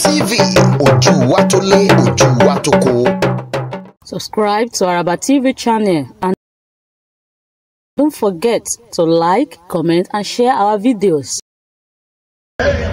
TV ojú tó ojú Subscribe to Araba TV channel and don't forget to like, comment and share our videos. Hey.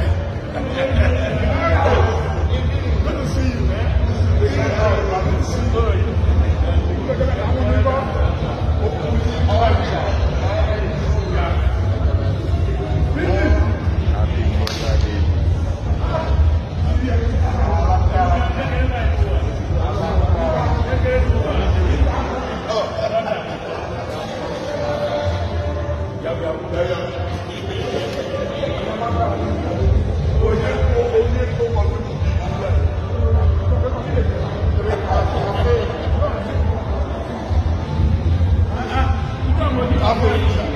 Thank you.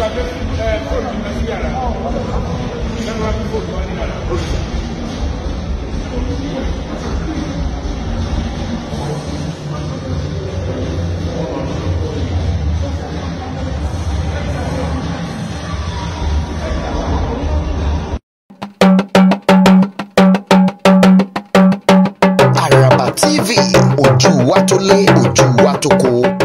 Araba TV ojú wa tó lé ojú wa tó kó.